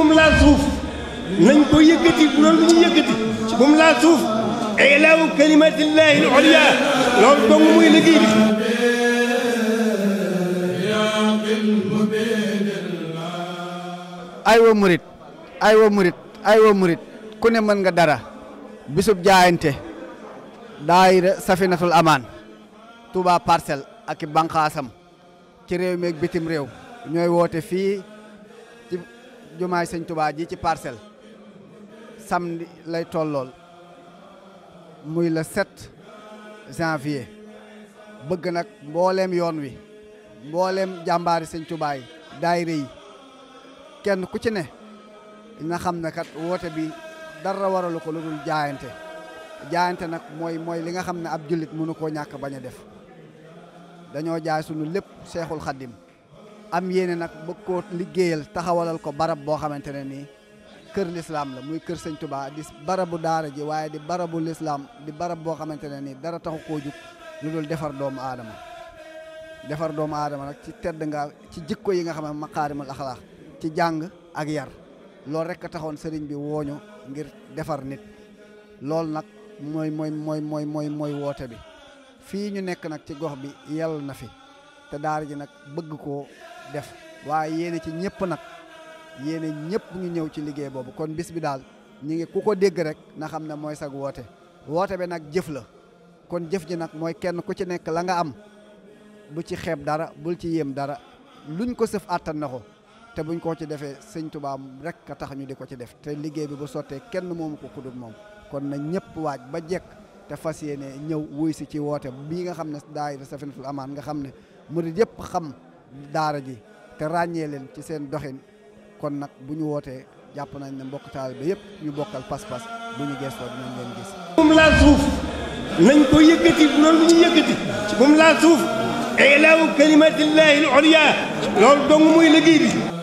bu mu laal suuf nañ ko yëkkati bu doon ñu yëkkati bu mu laal suuf ilaawu kalimatillahi al-ulya loolu dong muy liggéey bi aywa murit aywa murit murit ku ne mën nga dara bisub jaayante daay safinatul amaan Touba parcelle ak i banqaasam ci réew mi bitim réew ñooy woote fii jumaay sëñ Touba ji ci parcelle samedi lay tollool muy le 7 janvier bëgg nag mbooleem yoon wi mbooleem jàmbaari sëñ Touba yi daayira kenn ku ci ne na xam ne kat woote bi dara waralu ko lu dul jaayante jaayante nag mooy mooy li nga xam ne ab jullit mënu koo ñàkk bañ a def dañoo jaay sunu lépp seexul xaddim am yéene nag bëgg koo liggéeyal taxawalal ko barab boo xamante ne nii kër lislaam la muy kër sëñ Touba di barabu daara ji waaye di barabu lislaam di barab boo xamante ne nii dara taxu koo jug dul defar doomu aadama defar doomu aadama nag ci tedd nga ci jikko yi nga xam ne maqaarimul axlaax ci jàng ak yar loolu rek a taxoon sëriñ bi wooñu ngir defar nit loolu nag mooy mooy mooy mooy mooy woote bi fii ñu nekk nag ci gox bi yàlla na fi te daara ji bëgg koo def waaye yéene ci ñëpp nag yéene ñëpp ñu ñëw ci liggéey boobu kon bis bi daal ñu ngi ku ko dégg rek na xam ne mooy sag woote woote bi nag jëf la kon jëf ji nag mooy kenn ku ci nekk la nga am bu ci xeeb dara bul ci yéem dara luñ ko sëf àttan na ko te buñ ko ci defee sëñ Tuubaa rek a tax ñu di ko ci def te liggéey bi bu sottee kenn moomu ko kudub moom kon na ñëpp waaj ba jekk te fas yéene ñëw wuy si ci woote bii nga xam ne daayira Safinatul Amaan nga xam ne murid yëpp xam daara ji te ràññee leen ci seen doxin kon nag bu ñu wootee jàpp nañ ne mbokk taalibe yëpp ñu bokkal paspas bu ñu gëstoo dinañ leen gis. moom laa suuf nañ ko yëkkati noonu bu ñu yëkkati moom laa suuf ilaahu kalimatillahi al loolu dong muy